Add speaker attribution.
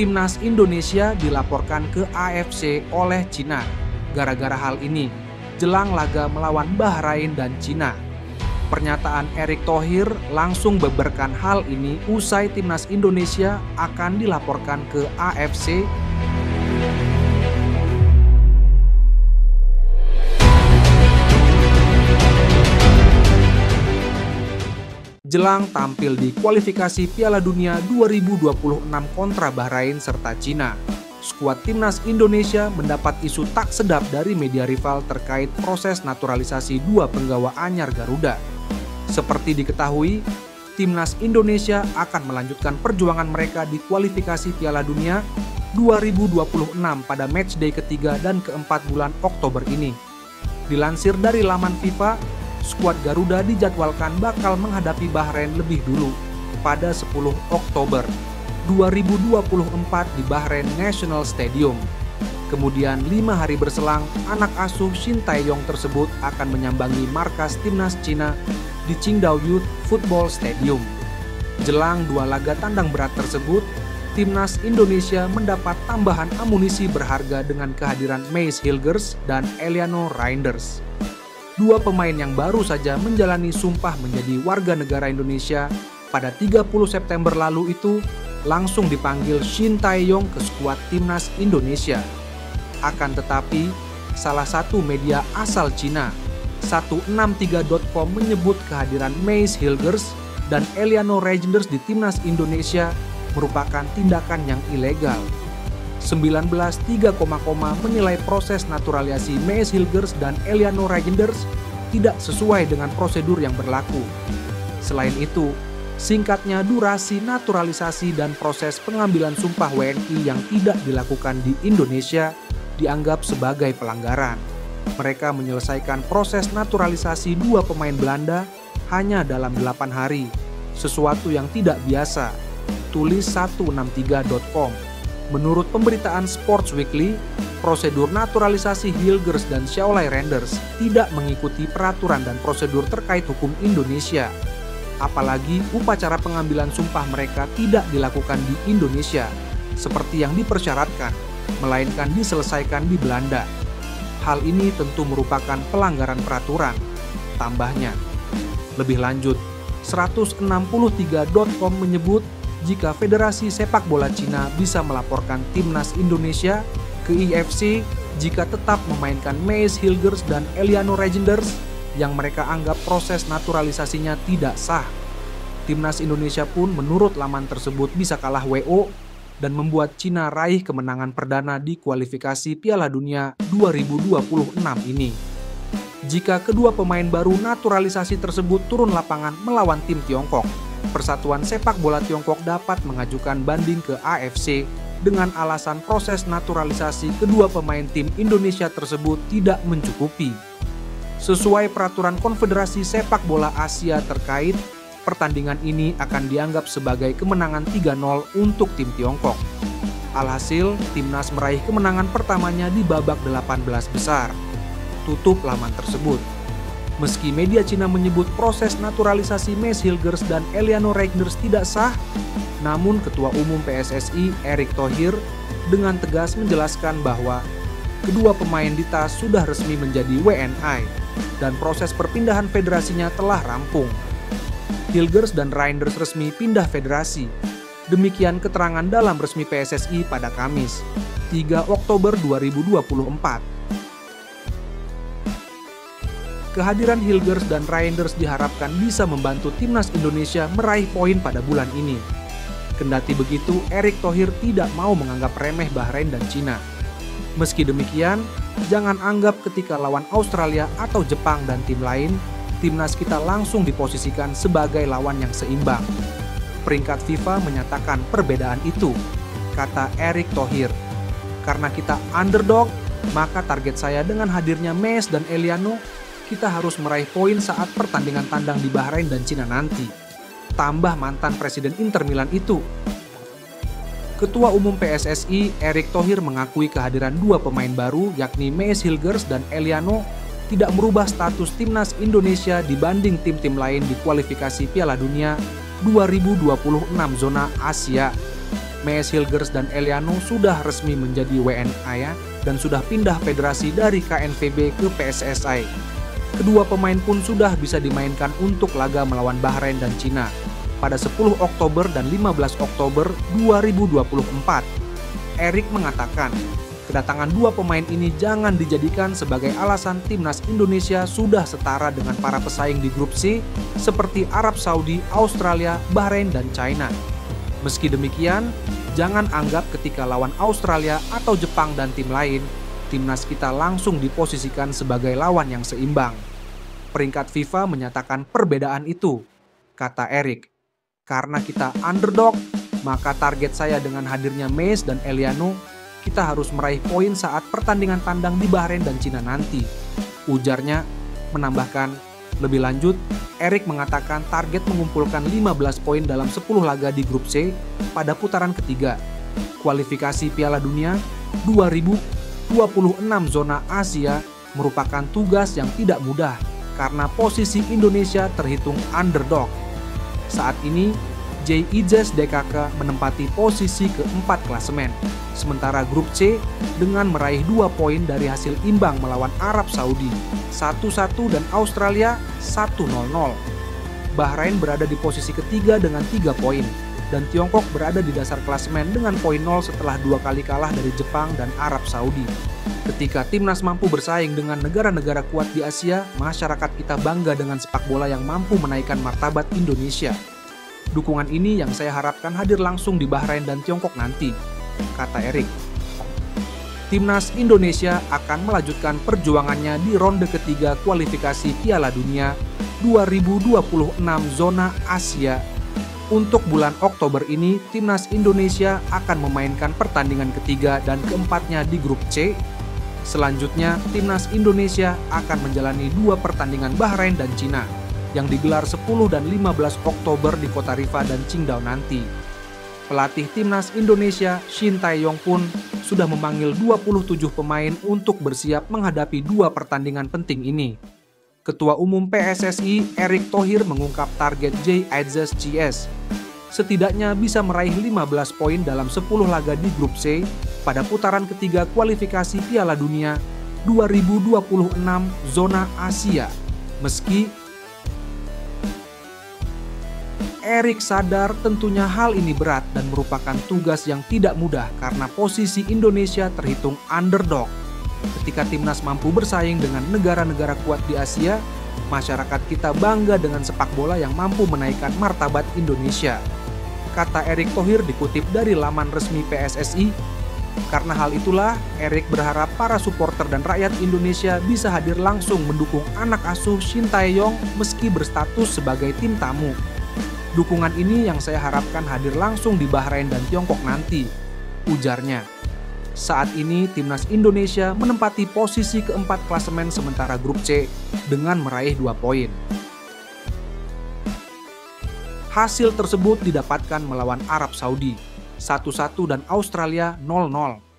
Speaker 1: timnas Indonesia dilaporkan ke AFC oleh Cina. Gara-gara hal ini, jelang laga melawan Bahrain dan Cina. Pernyataan Erick Thohir langsung beberkan hal ini usai timnas Indonesia akan dilaporkan ke AFC jelang tampil di kualifikasi Piala Dunia 2026 kontra Bahrain serta Cina. Skuad timnas Indonesia mendapat isu tak sedap dari media rival terkait proses naturalisasi dua penggawa anyar Garuda. Seperti diketahui, timnas Indonesia akan melanjutkan perjuangan mereka di kualifikasi Piala Dunia 2026 pada matchday ketiga dan keempat bulan Oktober ini. Dilansir dari laman FIFA, skuad Garuda dijadwalkan bakal menghadapi Bahrain lebih dulu pada 10 Oktober 2024 di Bahrain National Stadium. Kemudian lima hari berselang, anak asuh Shin Taeyong tersebut akan menyambangi markas timnas Cina di Qingdao Youth Football Stadium. Jelang dua laga tandang berat tersebut, timnas Indonesia mendapat tambahan amunisi berharga dengan kehadiran Mace Hilgers dan Eliano Reinders dua pemain yang baru saja menjalani sumpah menjadi warga negara Indonesia pada 30 September lalu itu langsung dipanggil Shin Taeyong ke skuad timnas Indonesia. Akan tetapi, salah satu media asal Cina, 163.com menyebut kehadiran Mace Hilgers dan Eliano Regenders di timnas Indonesia merupakan tindakan yang ilegal. 19 3, koma menilai proses naturalisasi Mees Hilgers dan Eliano Regenders tidak sesuai dengan prosedur yang berlaku. Selain itu, singkatnya durasi naturalisasi dan proses pengambilan sumpah WNI yang tidak dilakukan di Indonesia dianggap sebagai pelanggaran. Mereka menyelesaikan proses naturalisasi dua pemain Belanda hanya dalam 8 hari, sesuatu yang tidak biasa, tulis 163.com. Menurut pemberitaan Sports Weekly, prosedur naturalisasi Hilgers dan Xiaolai Renders tidak mengikuti peraturan dan prosedur terkait hukum Indonesia. Apalagi upacara pengambilan sumpah mereka tidak dilakukan di Indonesia, seperti yang dipersyaratkan, melainkan diselesaikan di Belanda. Hal ini tentu merupakan pelanggaran peraturan, tambahnya. Lebih lanjut, 163.com menyebut jika Federasi Sepak Bola Cina bisa melaporkan timnas Indonesia ke IFC jika tetap memainkan Mace Hilgers dan Eliano Regenders yang mereka anggap proses naturalisasinya tidak sah. Timnas Indonesia pun menurut laman tersebut bisa kalah WO dan membuat Cina raih kemenangan perdana di kualifikasi Piala Dunia 2026 ini. Jika kedua pemain baru naturalisasi tersebut turun lapangan melawan tim Tiongkok, Persatuan Sepak Bola Tiongkok dapat mengajukan banding ke AFC dengan alasan proses naturalisasi kedua pemain tim Indonesia tersebut tidak mencukupi. Sesuai peraturan Konfederasi Sepak Bola Asia terkait, pertandingan ini akan dianggap sebagai kemenangan 3-0 untuk tim Tiongkok. Alhasil, timnas meraih kemenangan pertamanya di babak 18 besar. Tutup laman tersebut. Meski media Cina menyebut proses naturalisasi Mes Hilgers dan Eliano Reigners tidak sah, namun Ketua Umum PSSI Erick Thohir dengan tegas menjelaskan bahwa kedua pemain Dita sudah resmi menjadi WNI dan proses perpindahan federasinya telah rampung. Hilgers dan Reinders resmi pindah federasi. Demikian keterangan dalam resmi PSSI pada Kamis, 3 Oktober 2024 kehadiran Hilgers dan Reinders diharapkan bisa membantu timnas Indonesia meraih poin pada bulan ini. Kendati begitu, Erick Thohir tidak mau menganggap remeh Bahrain dan Cina. Meski demikian, jangan anggap ketika lawan Australia atau Jepang dan tim lain, timnas kita langsung diposisikan sebagai lawan yang seimbang. Peringkat FIFA menyatakan perbedaan itu, kata Erick Thohir. Karena kita underdog, maka target saya dengan hadirnya Mes dan Eliano kita harus meraih poin saat pertandingan tandang di Bahrain dan Cina nanti. Tambah mantan presiden Inter Milan itu. Ketua Umum PSSI Erick Thohir mengakui kehadiran dua pemain baru yakni Mees Hilgers dan Eliano tidak merubah status timnas Indonesia dibanding tim-tim lain di kualifikasi Piala Dunia 2026 zona Asia. Mees Hilgers dan Eliano sudah resmi menjadi WNA ya, dan sudah pindah federasi dari KNVB ke PSSI kedua pemain pun sudah bisa dimainkan untuk laga melawan Bahrain dan Cina pada 10 Oktober dan 15 Oktober 2024. Erik mengatakan, kedatangan dua pemain ini jangan dijadikan sebagai alasan timnas Indonesia sudah setara dengan para pesaing di grup C seperti Arab Saudi, Australia, Bahrain, dan China. Meski demikian, jangan anggap ketika lawan Australia atau Jepang dan tim lain, timnas kita langsung diposisikan sebagai lawan yang seimbang. Peringkat FIFA menyatakan perbedaan itu, kata Erik. Karena kita underdog, maka target saya dengan hadirnya Mace dan Eliano, kita harus meraih poin saat pertandingan tandang di Bahrain dan Cina nanti. Ujarnya menambahkan, lebih lanjut, Erik mengatakan target mengumpulkan 15 poin dalam 10 laga di grup C pada putaran ketiga. Kualifikasi Piala Dunia 2022. 26 zona Asia merupakan tugas yang tidak mudah karena posisi Indonesia terhitung underdog. Saat ini, JIJ DKK menempati posisi keempat klasemen, sementara grup C dengan meraih dua poin dari hasil imbang melawan Arab Saudi, 1-1 dan Australia 1-0-0. Bahrain berada di posisi ketiga dengan tiga poin, dan Tiongkok berada di dasar klasemen dengan poin 0 setelah dua kali kalah dari Jepang dan Arab Saudi. Ketika timnas mampu bersaing dengan negara-negara kuat di Asia, masyarakat kita bangga dengan sepak bola yang mampu menaikkan martabat Indonesia. Dukungan ini yang saya harapkan hadir langsung di Bahrain dan Tiongkok nanti, kata Erik. Timnas Indonesia akan melanjutkan perjuangannya di ronde ketiga kualifikasi Piala Dunia 2026 zona Asia untuk bulan Oktober ini, timnas Indonesia akan memainkan pertandingan ketiga dan keempatnya di grup C. Selanjutnya, timnas Indonesia akan menjalani dua pertandingan Bahrain dan Cina yang digelar 10 dan 15 Oktober di Kota Rifa dan Qingdao nanti. Pelatih timnas Indonesia Shin Tae-yong pun sudah memanggil 27 pemain untuk bersiap menghadapi dua pertandingan penting ini. Ketua Umum PSSI Erick Thohir mengungkap target J. CS setidaknya bisa meraih 15 poin dalam 10 laga di grup C pada putaran ketiga kualifikasi Piala Dunia 2026 zona Asia. Meski Erik sadar tentunya hal ini berat dan merupakan tugas yang tidak mudah karena posisi Indonesia terhitung underdog. Ketika timnas mampu bersaing dengan negara-negara kuat di Asia, masyarakat kita bangga dengan sepak bola yang mampu menaikkan martabat Indonesia. Kata Erick Thohir dikutip dari laman resmi PSSI, karena hal itulah, Erik berharap para supporter dan rakyat Indonesia bisa hadir langsung mendukung anak asuh Shin Tae Yong meski berstatus sebagai tim tamu. Dukungan ini yang saya harapkan hadir langsung di Bahrain dan Tiongkok nanti, ujarnya. Saat ini, timnas Indonesia menempati posisi keempat klasemen sementara grup C dengan meraih dua poin. Hasil tersebut didapatkan melawan Arab Saudi 1-1 dan Australia 0-0.